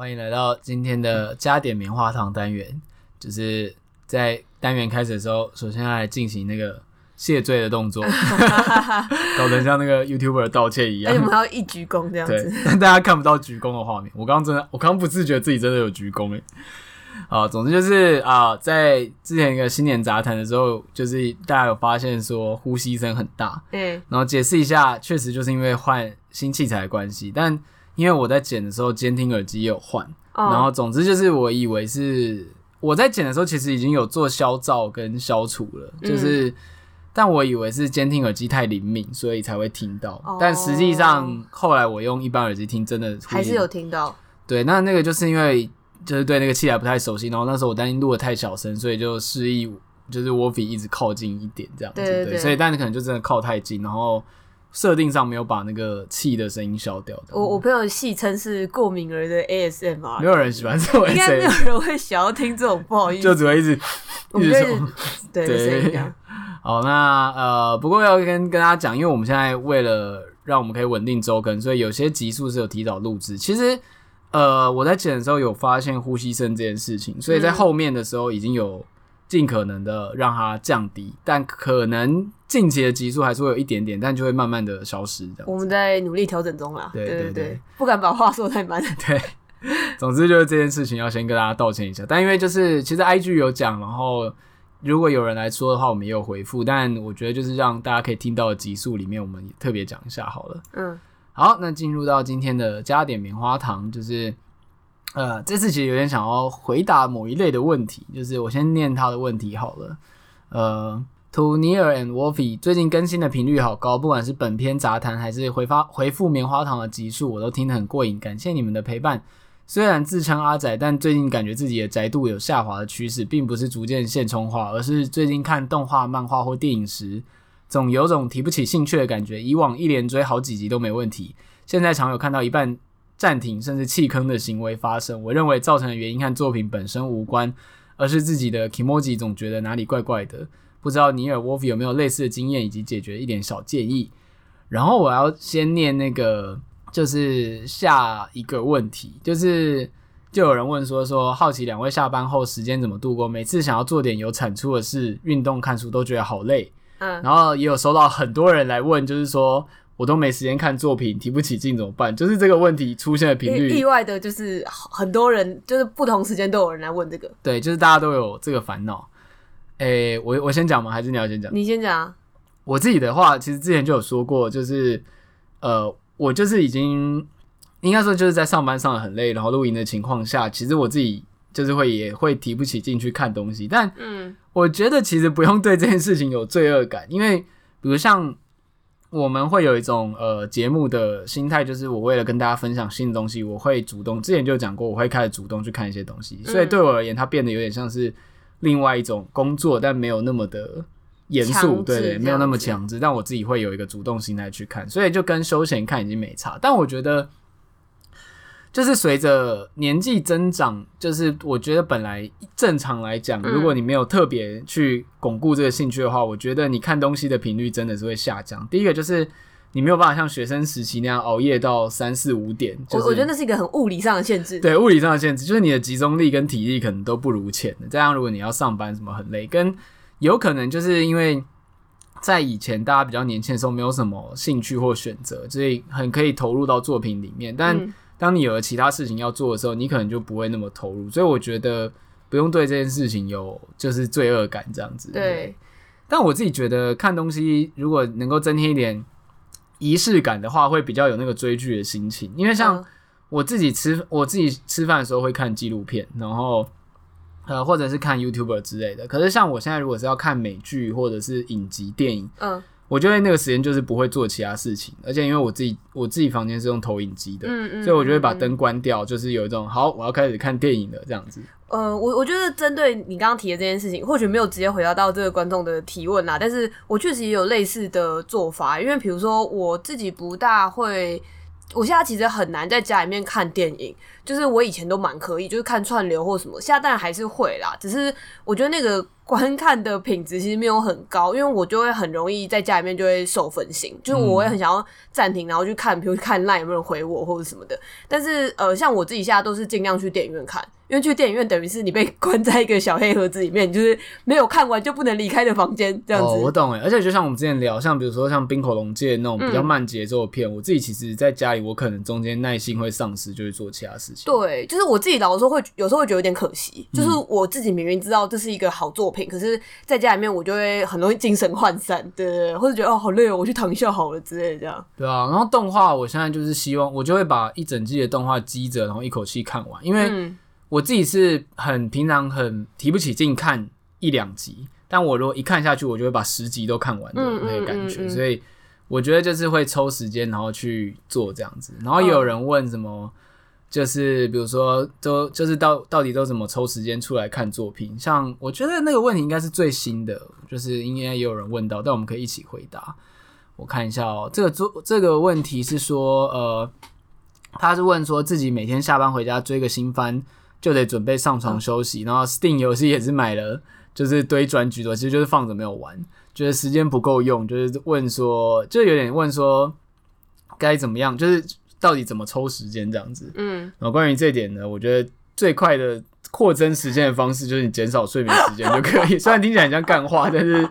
歡迎來到今天的加點棉花糖單元，嗯，就是在單元開始的時候，首先要來進行那個謝罪的動作， 搞得像那個 YouTuber 道歉一樣。看，欸，我們要一鞠躬這樣子，但大家看不到鞠躬的畫面。我剛剛真的，我剛不自覺自己真的有鞠躬哎，欸。啊，總之就是啊，在之前一個新年雜談的時候，就是大家有發現說呼吸聲很大，對，欸，然後解釋一下，確實就是因為換新器材的關係，但。因為我在剪的時候監聽耳機也有換，oh. 然後總之就是我以為是我在剪的時候，其實已經有做消噪跟消除了，嗯、就是但我以為是監聽耳機太靈敏，所以才會聽到。Oh. 但實際上後來我用一般耳機聽，真的還是有聽到。對，那那個就是因為就是對那個器材不太熟悉，然後那時候我擔心錄得太小聲，所以就示意就是我比一直靠近一點這樣子，對對,對,對，所以但是可能就真的靠太近，然後。設定上沒有把那個氣的聲音消掉的，我我朋友戲稱是過敏兒的 ASMR，沒有人喜歡這種，應該沒有人會想要聽這種，不好意思， 就只會一直一直對對。好，那呃，不過要跟跟大家講，因為我們現在為了讓我們可以穩定周更，所以有些集數是有提早錄制。其實呃，我在剪的時候有發現呼吸聲這件事情，所以在後面的時候已經有盡可能的讓它降低，嗯、但可能。近期的集數還是會有一點點，但就會慢慢的消失這樣。我們在努力調整中啦對對對，對對對，不敢把話說太滿。對，總之就是這件事情要先跟大家道歉一下。 但因為就是其實 IG 有講，然後如果有人來說的話，我們也有回復。但我覺得就是讓大家可以聽到的集數裡面，我們也特別講一下好了。嗯，好，那進入到今天的加點棉花糖，就是呃，這次其實有點想要回答某一類的問題，就是我先念他的問題好了，呃。To Neil and Wolfy，最近更新的頻率好高，不管是本篇雜談還是回發回覆棉花糖的集數，我都聽得很過癮。感謝你們的陪伴。雖然自稱阿宅，但最近感覺自己的宅度有下滑的趨勢，並不是逐漸現充化，而是最近看動畫、漫畫或電影時，總有種提不起興趣的感覺。以往一連追好幾集都沒問題，現在常有看到一半暫停甚至棄坑的行為發生。我認為造成的原因和作品本身無關，而是自己的 Kimoji 總覺得哪裡怪怪的。不知道尼爾沃夫有沒有類似的經驗，以及解決一點小建議。然後我要先念那個，就是下一個問題，就是就有人問說說好奇兩位下班後時間怎麼度過？每次想要做點有產出的事，運動、看書都覺得好累。嗯，然後也有收到很多人來問，就是說我都沒時間看作品，提不起勁怎麼辦？就是這個問題出現的頻率對，意外的，就是很多人就是不同時間都有人來問這個。對，就是大家都有這個煩惱。誒、欸，我我先講嗎？還是你要先講？你先講。我自己的話，其實之前就有說過，就是呃，我就是已經應該說就是在上班上很累，然後錄影的情況下，其實我自己就是會也會提不起勁去看東西。但嗯，我覺得其實不用對這件事情有罪惡感，因為比如像我們會有一種呃節目的心態，就是我為了跟大家分享新的東西，我會主動，之前就講過，我會開始主動去看一些東西。所以對我而言，它變得有點像是。另外一種工作，但沒有那麼的嚴肅，對,對,對，沒有那麼強制。但我自己會有一個主動心態去看，所以就跟休閒看已經沒差。但我覺得，就是隨着年紀增長，就是我覺得本來正常來講，如果你沒有特別去鞏固這個興趣的話，嗯，我覺得你看東西的頻率真的是會下降。第一個就是。你沒有辦法像學生時期那樣熬夜到三四五點，就是，我覺得那是一個很物理上的限制。對，物理上的限制就是你的集中力跟體力可能都不如前的。這樣，如果你要上班什麼，很累，跟有可能就是因為在以前大家比較年輕的時候，沒有什麼興趣或選擇，所以很可以投入到作品裡面。但當你有了其他事情要做的時候，你可能就不會那麼投入。所以我覺得不用對這件事情有就是罪惡感這樣子對。對，但我自己覺得看東西如果能夠增添一點。儀式感的話，會比較有那個追劇的心情，因為像我自己吃、嗯、我自己吃飯的時候會看紀錄片，然後呃或者是看 YouTuber 之類的。可是像我現在如果是要看美劇或者是影集、電影，嗯我覺得那個時間就是不會做其他事情，而且因為我自己我自己房間是用投影機的嗯嗯嗯嗯，所以我就會把燈關掉，就是有一種好，我要開始看電影了這樣子。呃，我我覺得針對你剛剛提的這件事情，或許沒有直接回答到這個觀眾的提問啦，但是我確實也有類似的做法，因為比如說我自己不大會。我現在其實很難在家裡面看電影，就是我以前都蠻可以，就是看串流或什麼，現在當然還是會啦，只是我覺得那個觀看的品質其實沒有很高，因為我就會很容易在家裡面就會受分心，就是我也很想要暫停，然後去看，比如看 Line 有沒有人回我或者什麼的，但是呃，像我自己現在都是盡量去電影院看。因為去電影院等於是你被關在一個小黑盒子裡面，就是沒有看完就不能離開的房間。這樣子，哦、我懂哎。而且就像我們之前聊，像比如說像冰火龍界那種比較慢節奏的片，嗯，我自己其實在家裡，我可能中間耐心會喪失，就會做其他事情。對，就是我自己老的時候會有時候會覺得有點可惜，就是我自己明明知道這是一個好作品，嗯、可是在家裡面我就會很容易精神渙散，對，對、對或者覺得哦好累哦，我去躺一下好了之類的，這樣。對啊，然後動畫我現在就是希望，我就會把一整季的動畫積着，然後一口氣看完，因為。嗯我自己是很平常，很提不起勁看一兩集，但我如果一看下去，我就會把十集都看完的那個感覺，嗯嗯嗯嗯嗯，所以我覺得就是會抽時間，然後去做這樣子。然後也有人問什麼，哦、就是比如說都就是到到底都怎麼抽時間出來看作品？像我覺得那個問題應該是最新的，就是應該也有人問到，但我們可以一起回答。我看一下哦、喔，這個這這個問題是說，呃，他是問說自己每天下班回家追個新番。就得準備上床休息，啊、然後 Steam 遊戲也是買了，就是堆專局的，其實就是放着沒有玩，覺得、就是時間不夠用，就是問說，就有點問說該怎麼樣，就是到底怎麼抽時間這樣子。嗯，然後關於這一點呢，我覺得最快的擴增時間的方式就是你減少睡眠時間就可以， 雖然聽起來很像幹話，但是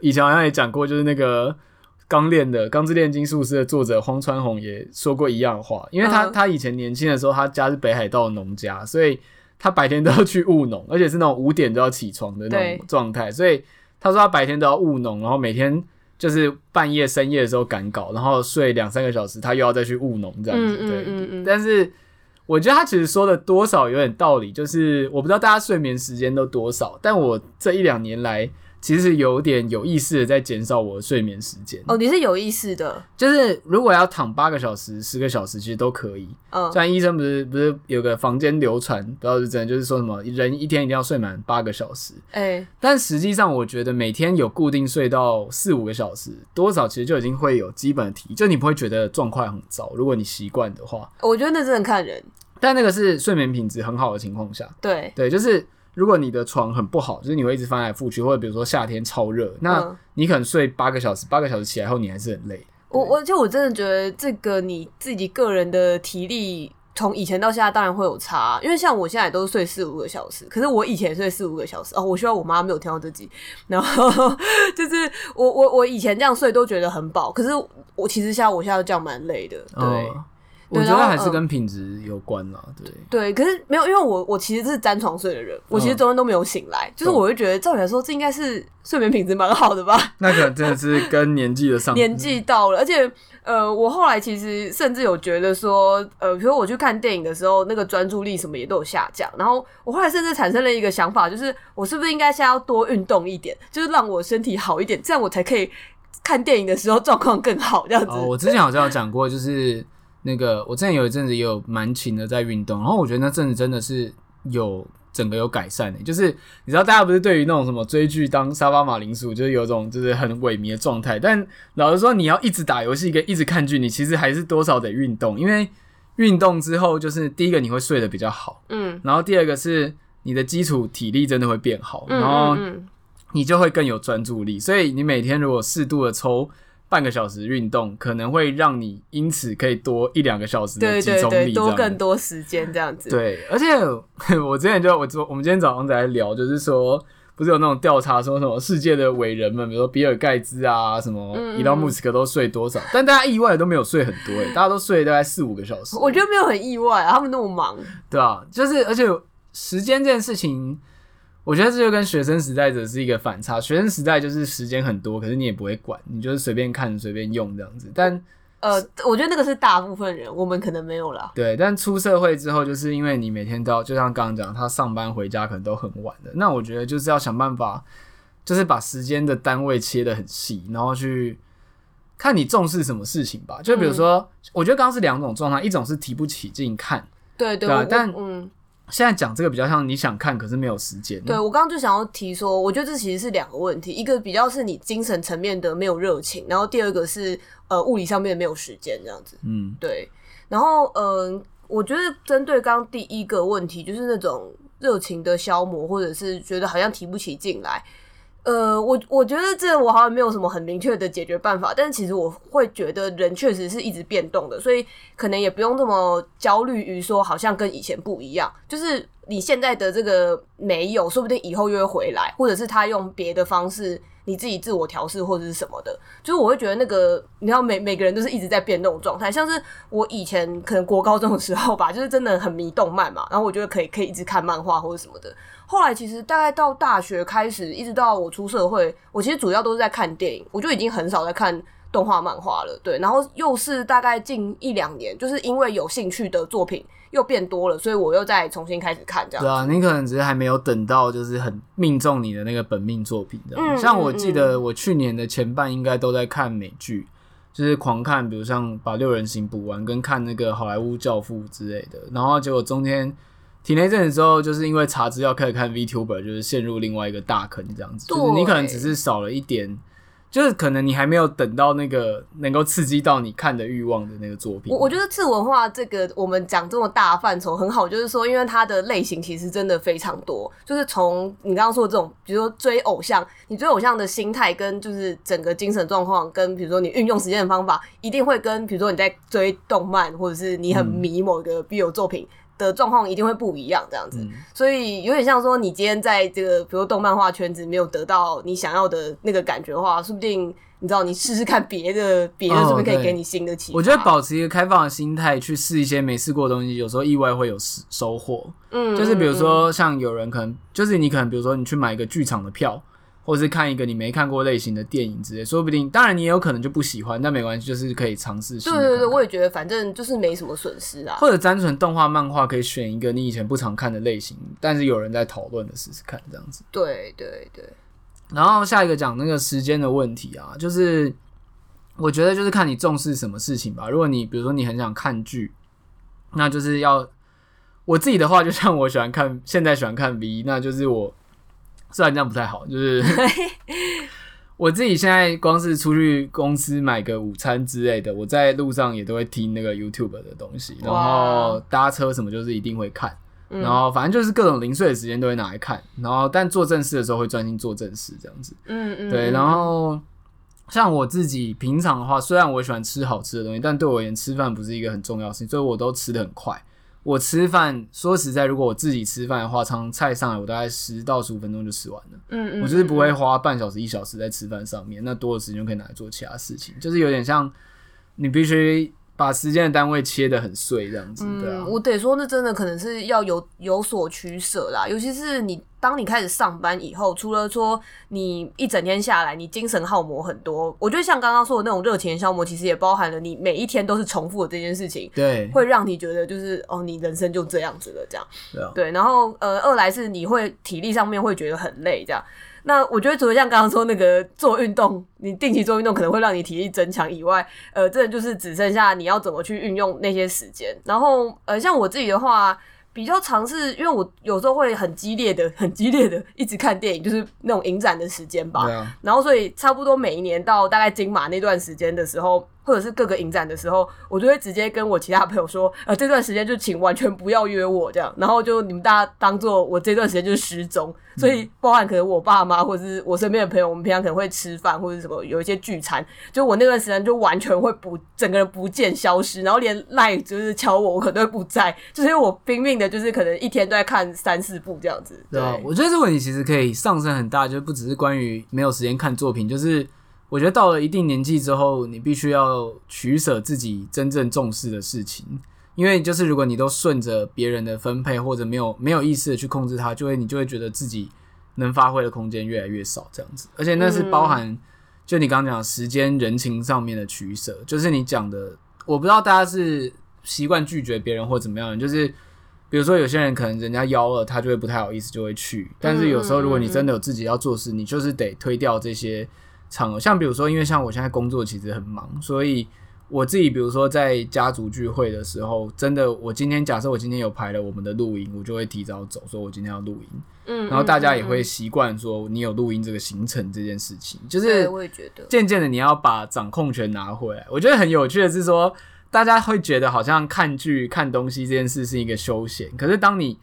以前好像也講過，就是那個。鋼煉的《鋼之煉金術師》的作者荒川弘也說過一樣的話，因為他他以前年輕的時候，他家是北海道農家，嗯,所以他白天都要去務農，而且是那種五點都要起床的那種狀態，所以他說他白天都要務農，然後每天就是半夜深夜的時候趕稿，然後睡兩三個小時，他又要再去務農這樣子。對，嗯嗯嗯嗯，但是我覺得他其實說的多少有點道理，就是我不知道大家睡眠時間都多少，但我這一兩年來。其實有點有意思的在減少我的睡眠時間哦，你是有意思的，就是如果要躺八個小時、十個小時，其實都可以。嗯、哦，雖然醫生不是不是有個坊間流傳，不知道是不是真的就是說什麼人一天一定要睡滿八個小時，哎、欸，但實際上我覺得每天有固定睡到四五個小時，多少其實就已經會有基本的提，就你不會覺得狀況很糟。如果你習慣的話，我覺得那真的看人，但那個是睡眠品質很好的情況下，對對，就是。如果你的床很不好，就是你會一直翻來覆去，或者比如說夏天超熱，那你可能睡八個小時，八個小時起來後你還是很累。我，我就我真的覺得這個你自己個人的體力從以前到現在當然會有差，因為像我現在都是睡四五個小時，可是我以前也睡四五個小時哦。我希望我媽沒有聽到這集，然後就是我我我以前這樣睡都覺得很飽，可是我其實現在我現在這樣蠻累的，對。哦我覺得還是跟品質有關了，嗯，對。對，可是沒有，因為我我其實是沾床睡的人，嗯，我其實中間都沒有醒來，嗯，就是我會覺得，照理來說，這應該是睡眠品質蠻好的吧？那個真的是跟年紀的上，年紀到了，而且呃，我後來其實甚至有覺得說，呃，比如我去看電影的時候，那個專注力什麼也都有下降。然後我後來甚至產生了一個想法，就是我是不是應該先要多運動一點，就是讓我身體好一點，這樣我才可以看電影的時候狀況更好。這樣子，哦，我之前好像有講過，就是。那個，我之前有一陣子也有蠻勤的在運動，然後我覺得那陣子真的是有整個有改善的欸。就是你知道，大家不是對於那種什麼追劇當沙發馬鈴薯，就是有一種就是很萎靡的狀態。但老實說，你要一直打遊戲跟一直看劇，你其實還是多少得運動。因為運動之後，就是第一個你會睡得比較好，嗯，然後第二個是你的基礎體力真的會變好，然後你就會更有專注力。所以你每天如果適度的抽。半個小時運動可能會讓你因此可以多一兩個小時的集中力。對對對，多更多時間這樣子。對，而且我之前就我昨，我們今天早上在聊，就是說不是有那種調查說什麼世界的偉人們，比如說比爾蓋茨啊，什麼伊隆馬斯克都睡多少？嗯嗯，但大家意外的都沒有睡很多、欸，大家都睡大概四五個小時。我覺得沒有很意外、啊，他們那麼忙。對啊，就是而且時間這件事情。我覺得這就跟學生時代則是一個反差。學生時代就是時間很多，可是你也不會管，你就是隨便看、隨便用這樣子。但呃，我覺得那個是大部分人，我們可能沒有啦。對，但出社會之後，就是因為你每天都要，就像剛剛講，他上班回家可能都很晚的。那我覺得就是要想辦法，就是把時間的單位切得很細，然後去看你重視什麼事情吧。就比如說，嗯、我覺得剛剛是兩種狀態，一種是提不起勁看，對對，對啊、但嗯。現在講這個比較像你想看，可是沒有時間、啊。對我剛剛就想要提說，我覺得這其實是兩個問題，一個比較是你精神層面的沒有熱情，然後第二個是呃物理上面沒有時間這樣子。嗯，對。然後嗯、呃，我覺得針對剛剛第一個問題，就是那種熱情的消磨，或者是覺得好像提不起勁來。呃，我我覺得這我好像沒有什麼很明確的解決辦法，但是其實我會覺得人確實是一直變動的，所以可能也不用這麼焦慮於說好像跟以前不一樣，就是你現在的這個沒有，說不定以後又會回來，或者是他用別的方式。你自己自我調適或者是什麼的，就是我會覺得那個，你知道每、每每個人都是一直在變那種狀態。像是我以前可能國高中的時候吧，就是真的很迷動漫嘛，然後我覺得可以可以一直看漫畫或者什麼的。後來其實大概到大學開始，一直到我出社會，我其實主要都是在看電影，我就已經很少在看。動畫漫畫了，對，然後又是大概近一兩年，就是因為有興趣的作品又變多了，所以我又再重新開始看這樣子。對啊，你可能只是還沒有等到，就是很命中你的那個本命作品這樣，嗯，像我記得我去年的前半應該都在看美劇，嗯，就是狂看，比如像把六人行補完，跟看那個好萊塢教父之類的，然後結果中間停了一陣子之後，就是因為查資料開始看 VTuber，就是陷入另外一個大坑這樣子，對，就是你可能只是少了一點。就是可能你還沒有等到那個能夠刺激到你看的慾望的那個作品。我我覺得，次文化這個我們講這麼大範疇很好，就是說，因為它的類型其實真的非常多。就是從你剛剛說的這種，比如說追偶像，你追偶像的心態跟就是整個精神狀況，跟比如說你運用時間的方法，一定會跟比如說你在追動漫，或者是你很迷某一個 B 有作品、嗯。的狀況一定會不一樣，這樣子，嗯，所以有點像說，你今天在這個，比如說動漫畫圈子沒有得到你想要的那個感覺的話，說不定你知道，你試試看別的，別的是不是可以給你新的啟發？哦，我覺得保持一個開放的心態去試一些沒試過的東西，有時候意外會有收穫。嗯，就是比如說，像有人可能，就是你可能，比如說你去買一個劇場的票。或是看一個你沒看過類型的電影之類，說不定，當然你也有可能就不喜歡，但沒關係，就是可以嘗試。對，對對對，我也覺得，反正就是沒什麼損失啊。或者單純動畫、漫畫，可以選一個你以前不常看的類型，但是有人在討論的，試試看，這樣子。對對對。然後下一個講那個時間的問題啊，就是我覺得就是看你重視什麼事情吧。如果你比如說你很想看劇，那就是要我自己的話，就像我喜歡看，現在喜歡看 V，那就是我。雖然這樣不太好，就是 我自己現在光是出去公司買個午餐之類的，我在路上也都會聽那個 YouTube 的東西，wow. 然後搭車什麼就是一定會看，嗯、然後反正就是各種零碎的時間都會拿來看，然後但做正事的時候會專心做正事這樣子，嗯嗯，對。然後像我自己平常的話，雖然我喜歡吃好吃的東西，但對我而言吃飯不是一個很重要的事情，所以我都吃得很快。我吃飯，說實在，如果我自己吃飯的話，從菜上來，我大概十到十五分鐘就吃完了。嗯，嗯，我就是不會花半小時一小時在吃飯上面，那多的時間就可以拿來做其他事情，就是有點像你必須把時間的單位切得很碎這樣子、嗯，對啊。我得說，那真的可能是要有有所取捨啦，尤其是你。當你開始上班以後，除了說你一整天下來你精神耗磨很多，我覺得像剛剛說的那種熱情的消磨，其實也包含了你每一天都是重複的這件事情，對，會讓你覺得就是哦，你人生就這樣子了，這樣，對。對，然後呃，二來是你會體力上面會覺得很累，這樣。那我覺得除了像剛剛說那個做運動，你定期做運動可能會讓你體力增強以外，呃，真的就是只剩下你要怎麼去運用那些時間。然後呃，像我自己的話。比較嘗試，因為我有時候會很激烈的，很激烈的一直看電影，就是那種影展的時間吧，啊。然後，所以差不多每一年到大概金馬那段時間的時候，或者是各個影展的時候，我就會直接跟我其他朋友說：呃，這段時間就請完全不要約我這樣。然後就你們大家當做我這段時間就是失蹤。所以包含可能我爸媽或者是我身邊的朋友，我們平常可能會吃飯或者是什麼有一些聚餐，就我那段時間就完全會不整個人不見消失，然後連賴就是敲我，我可能都會不在，就是因為我拼命的，就是可能一天都在看三四部這樣子。對啊，我覺得這個問題其實可以上升很大，就是不只是關於沒有時間看作品，就是。我覺得到了一定年紀之後，你必須要取捨自己真正重視的事情，因為就是如果你都順着別人的分配或者沒有沒有意識的去控制它，就會你就會覺得自己能發揮的空間越來越少，這樣子。而且那是包含就你剛剛講時間、人情上面的取捨，就是你講的，我不知道大家是習慣拒絕別人或怎麼樣，就是比如說有些人可能人家邀了，他就會不太好意思就會去，但是有時候如果你真的有自己要做事，你就是得推掉這些場，像比如說，因為像我現在工作其實很忙，所以我自己比如說在家族聚會的時候，真的我今天假設我今天有排了我們的錄音，我就會提早走，說我今天要錄音。然後大家也會習慣說你有錄音這個行程這件事情，就是漸漸的你要把掌控權拿回來。我覺得很有趣的是說，大家會覺得好像看劇、看東西這件事是一個休閒，可是當你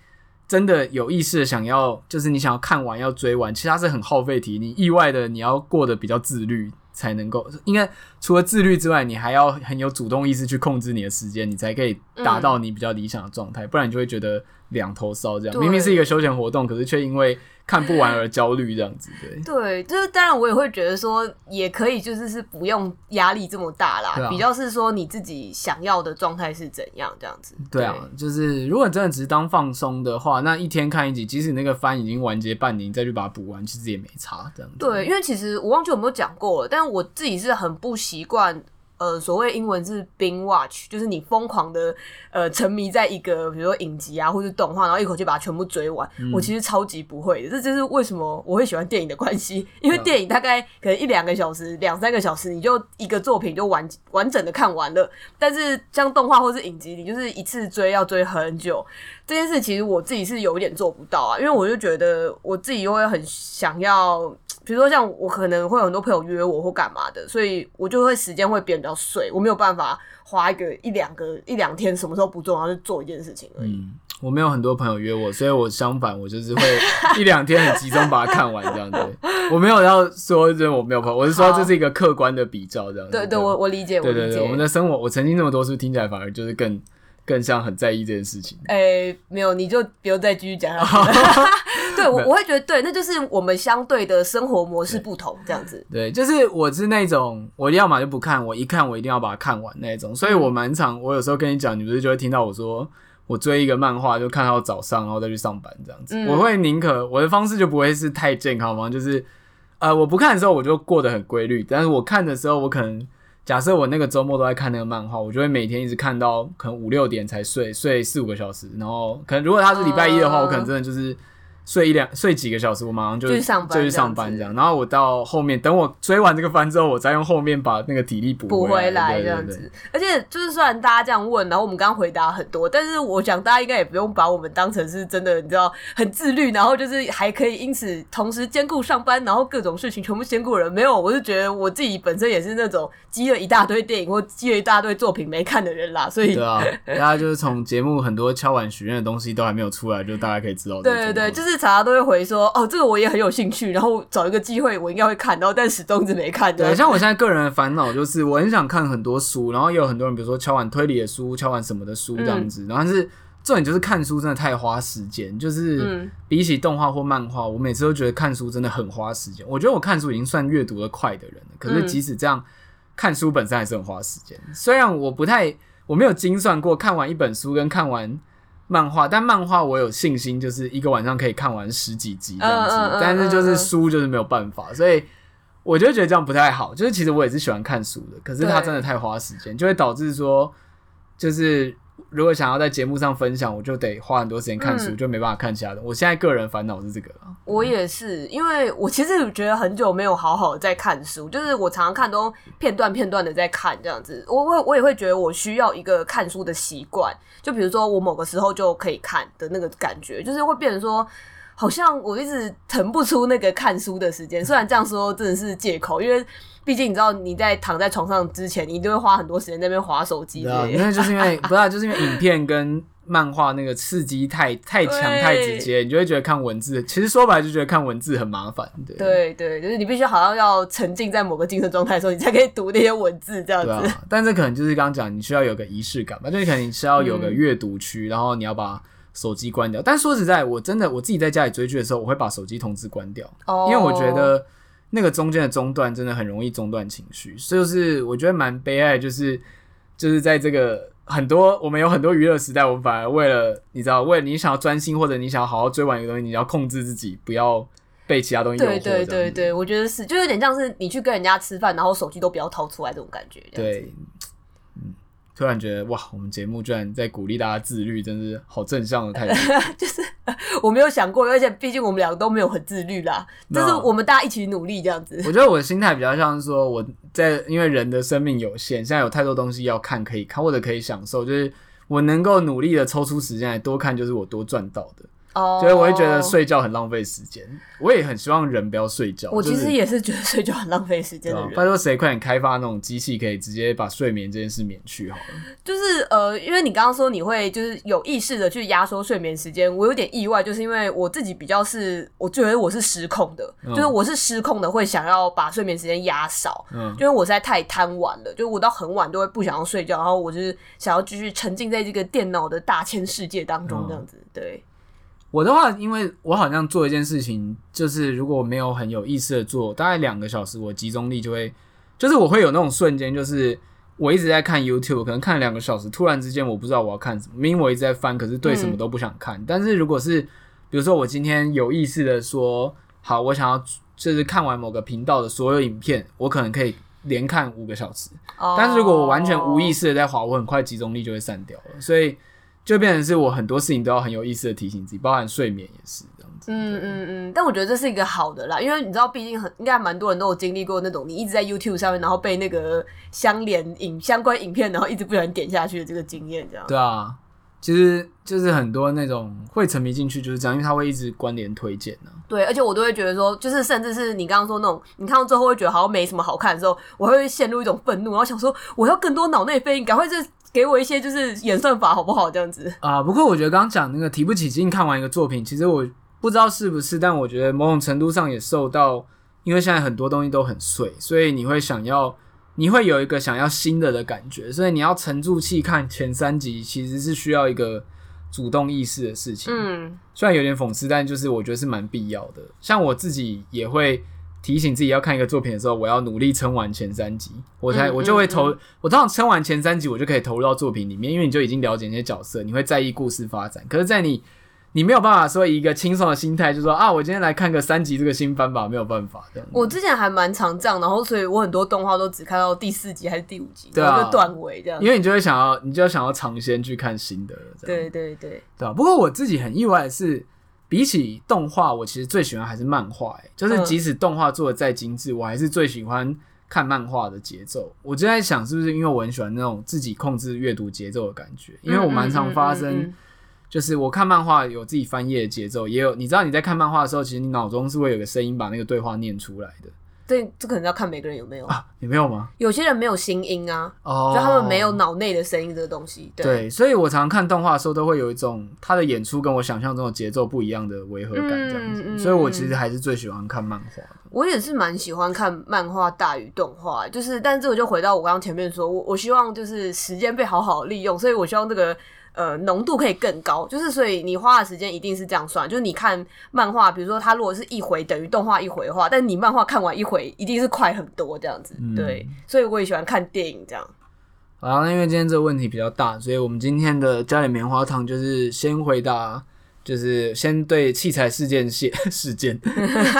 真的有意識的想要，就是你想要看完要追完，其實它是很耗費體力，你意外的你要過得比較自律才能夠，應該。除了自律之外，你還要很有主動意識去控制你的時間，你才可以達到你比較理想的狀態，嗯。不然你就會覺得兩頭燒這樣。明明是一個休閒活動，可是卻因為看不完而焦慮這樣子。對，對，就是當然我也會覺得說，也可以就是是不用壓力這麼大啦，啊，比較是說你自己想要的狀態是怎樣這樣子，對。對啊，就是如果真的只是當放鬆的話，那一天看一集，即使你那個番已經完結半年，你再去把它補完，其實也沒差這樣子。對，因為其實我忘記有沒有講過了，但是我自己是很不喜。習慣。呃，所謂英文是 binge watch，就是你瘋狂的呃沉迷在一個，比如說影集啊，或是動畫，然後一口氣把它全部追完，嗯。我其實超級不會的，這就是為什麼我會喜歡電影的關係，因為電影大概，嗯，可能一兩個小時，兩三個小時，你就一個作品就完完整的看完了。但是像動畫或是影集，你就是一次追要追很久這件事，其實我自己是有一點做不到啊，因為我就覺得我自己又會很想要，比如說像我可能會有很多朋友約我或幹嘛的，所以我就會時間會變得。水，我沒有辦法花一個一兩個一兩天，什麼時候不做，然後就做一件事情而已。嗯、我沒有很多朋友約我，所以我相反，我就是會一兩天很集中把它看完這樣子。我沒有要說，就是我沒有朋友，我是說這是一個客觀的比較這樣子。對，對對，我我理解，對對對，我理解，我對，對。我們的生活，我曾經那麼多次聽起來反而就是更更像很在意這件事情。哎、欸，沒有，你就不用再繼續講了。好 對，我我會覺得對，那就是我們相對的生活模式不同，這樣子。對，就是我是那種，我一定要麼就不看，我一看我一定要把它看完那種。所以我蠻常，我有時候跟你講，你不是就會聽到我說，我追一個漫畫就看到早上，然後再去上班這樣子。嗯、我會寧可我的方式就不會是太健康嘛，就是呃，我不看的時候我就過得很規律，但是我看的時候，我可能假設我那個周末都在看那個漫畫，我就會每天一直看到可能五六點才睡，睡四五個小時，然後可能如果他是禮拜一的話、嗯，我可能真的就是。睡一兩睡幾個小時，我馬上就去上班，就去上班這樣。然後我到後面，等我追完這個番之後，我再用後面把那個體力補補回來這樣子。而且就是雖然大家這樣問，然後我們剛剛回答很多，但是我想大家應該也不用把我們當成是真的，你知道很自律，然後就是還可以因此同時兼顧上班，然後各種事情全部兼顧，人沒有。我是覺得我自己本身也是那種積了一大堆電影或積了一大堆作品沒看的人啦，所以對啊， 大家就是從節目很多敲碗許願的東西都還沒有出來，就大家可以知道。對對對，就是。大家都會回說哦，這個我也很有興趣，然後找一個機會我應該會看到，然後但始終一直沒看。對，像我現在個人的煩惱就是，我很想看很多書，然後也有很多人比如說敲碗推理的書、敲碗什麼的書這樣子，然、嗯、後是重點就是看書真的太花時間，就是比起動畫或漫畫，我每次都覺得看書真的很花時間。我覺得我看書已經算閱讀得快的人了，可是即使這樣，嗯、看書本身還是很花時間。雖然我不太我沒有精算過看完一本書跟看完。漫畫，但漫畫我有信心，就是一個晚上可以看完十幾集這樣子。Uh, uh, uh, uh, uh. 但是就是書就是沒有辦法，所以我就覺得這樣不太好。就是其實我也是喜歡看書的，可是它真的太花時間，就會導致說就是。如果想要在節目上分享，我就得花很多時間看書，嗯，就沒辦法看其他的。我現在個人煩惱是這個了。我也是，嗯，因為我其實覺得很久沒有好好的在看書，就是我常常看都片段片段的在看這樣子。我我我也會覺得我需要一個看書的習慣，就比如說我某個時候就可以看的那個感覺，就是會變成說。好像我一直騰不出那個看書的時間，雖然這樣說真的是借口，因為畢竟你知道你在躺在床上之前，你一定會花很多時間在那邊滑手機。對，對、啊、因為就是因為 不知道、啊，就是因為影片跟漫畫那個刺激太太強太直接，你就會覺得看文字，其實說白了就覺得看文字很麻煩。對對對，就是你必須好像要沉浸在某個精神狀態的時候，你才可以讀那些文字這樣子。啊、但這可能就是剛剛講，你需要有個儀式感吧？就是、可能你需要有個閱讀區、嗯，然後你要把手機關掉，但說實在，我真的我自己在家裡追劇的時候，我會把手機通知關掉，oh. 因為我覺得那個中間的中斷真的很容易中斷情緒。所以就是我覺得蠻悲哀，就是就是在這個很多我們有很多娛樂時代，我們反而為了你知道，為了你想要專心或者你想要好好追完一個東西，你要控制自己不要被其他東西誘惑。對對對對，我覺得是，就有點像是你去跟人家吃飯，然後手機都不要掏出來這種感覺。對。突然覺得哇，我們節目居然在鼓勵大家自律，真是好正向的態度。 就是我沒有想過，而且畢竟我們兩個都沒有很自律啦，就是我們大家一起努力這樣子。我覺得我的心態比較像是說我在，因為人的生命有限，現在有太多東西要看，可以看或者可以享受，就是我能夠努力的抽出時間來多看，就是我多賺到的。Oh, 所以我會覺得睡覺很浪費時間，我也很希望人不要睡覺。 就是、我其實也是覺得睡覺很浪費時間的人。他說：“誰快點開發那種機器，可以直接把睡眠這件事免去好了。”就是呃，因為你剛剛說你會就是有意識的去壓縮睡眠時間，我有點意外，就是因為我自己比較是我覺得我是失控的、嗯，就是我是失控的會想要把睡眠時間壓少，嗯，就因為我實在太貪玩了，就我到很晚都會不想要睡覺，然後我就是想要繼續沉浸在這個電腦的大千世界當中，這樣子、嗯、對。我的話，因為我好像做一件事情，就是如果我沒有很有意識的做，大概兩個小時，我集中力就會，就是我會有那種瞬間，就是我一直在看 YouTube，可能看兩個小時，突然之間我不知道我要看什麼，明明我一直在翻，可是對什麼都不想看。嗯、但是如果是，比如說我今天有意識的說，好，我想要就是看完某個頻道的所有影片，我可能可以連看五個小時。哦、但是如果我完全無意識的在滑，我很快集中力就會散掉了。所以。就變成是我很多事情都要很有意識的提醒自己，包含睡眠也是這樣子。嗯嗯嗯，但我覺得這是一個好的啦，因為你知道，畢竟很應該蠻多人都有經歷過那種你一直在 YouTube 上面，然後被那個相連影相關影片，然後一直不小心點下去的這個經驗，這樣。對啊，其實就是很多那種會沉迷進去就是這樣，因為他會一直關聯推薦呢、啊。對，而且我都會覺得說，就是甚至是你剛剛說那種，你看到最後會覺得好像沒什麼好看的時候，我會陷入一種憤怒，然後想說我要更多腦內啡，你趕快這。給我一些就是演算法好不好？這樣子啊。不過我覺得剛剛講那個提不起勁，看完一個作品，其實我不知道是不是，但我覺得某種程度上也受到，因為現在很多東西都很碎，所以你會想要，你會有一個想要新的的感覺，所以你要沉住氣看前三集，其實是需要一個主動意識的事情。嗯，雖然有點諷刺，但就是我覺得是蠻必要的。像我自己也會。提醒自己要看一個作品的時候，我要努力撐完前三集，我才我就會投。嗯嗯嗯、我通常撐完前三集，我就可以投入到作品裡面，因為你就已經了解那些角色，你會在意故事發展。可是，在你你沒有辦法說一個輕鬆的心態，就說啊，我今天來看個三集這個新番吧，沒有辦法這樣子。我之前還蠻常這樣，然後所以我很多動畫都只看到第四集還是第五集一個斷尾這樣。因為你就會想要，你就想要嘗鮮去看新的。這樣對，對對對，對啊。不過我自己很意外的是。比起動畫，我其實最喜歡還是漫畫。欸，就是即使動畫做得再精致，我還是最喜歡看漫畫的節奏。我就在想，是不是因為我很喜歡那種自己控制閱讀節奏的感覺？因為我蠻常發生，就是我看漫畫有自己翻頁的節奏，也有你知道你在看漫畫的時候，其實你腦中是會有個聲音把那個對話念出來的。對，這可能要看每個人有沒有啊，你沒有嗎？有些人沒有心音啊，oh, 就他們沒有腦內的聲音這個東西。對，對所以我常常看動畫的時候，都會有一種他的演出跟我想象中的節奏不一樣的違和感這樣子，嗯。所以我其實還是最喜歡看漫畫，嗯嗯。我也是蠻喜歡看漫畫大於動畫，就是，但是這我就回到我剛剛前面說，我我希望就是時間被好好利用，所以我希望這個。呃，濃度可以更高，就是所以你花的時間一定是這樣算。就是你看漫畫，比如說它如果是一回等於動畫一回的話，但你漫畫看完一回一定是快很多這樣子、嗯，對。所以我也喜歡看電影這樣。好啦，那因為今天這個問題比較大，所以我們今天的加點棉花糖，就是先回答，就是先對器材事件謝事件，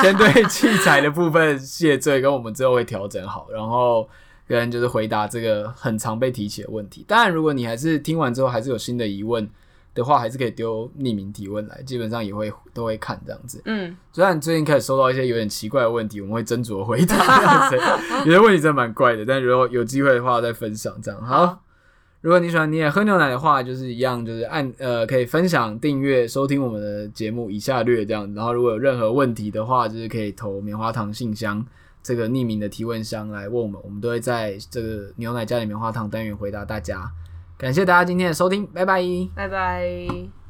先對器材的部分謝罪，跟我們之後會調整好，然後。個人就是回答這個很常被提起的問題。當然，如果你還是聽完之後還是有新的疑問的話，還是可以丟匿名提問來，基本上也會都會看這樣子。嗯，雖然最近開始收到一些有點奇怪的問題，我們會斟酌回答這樣子。有些 問題真的蠻怪的，但如果有機會的話再分享這樣。好，如果你喜歡你也喝牛奶的話，就是一樣，就是按呃可以分享訂閱收聽我們的節目，以下略這樣子。然後如果有任何問題的話，就是可以投棉花糖信箱。這個匿名的提問箱來問我們，我們都會在這個牛奶加點棉花糖單元回答大家。感謝大家今天的收聽，拜拜，拜拜。